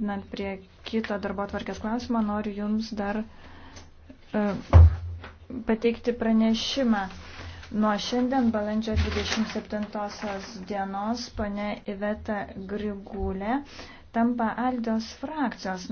Nant prie kito darbo atvarkės klausimo, noriu Jums dar e, pateikti pranešimą. Nuo šiandien, balandžio 27 dienos, pane Iveta Grigulė tampa Aldos frakcijos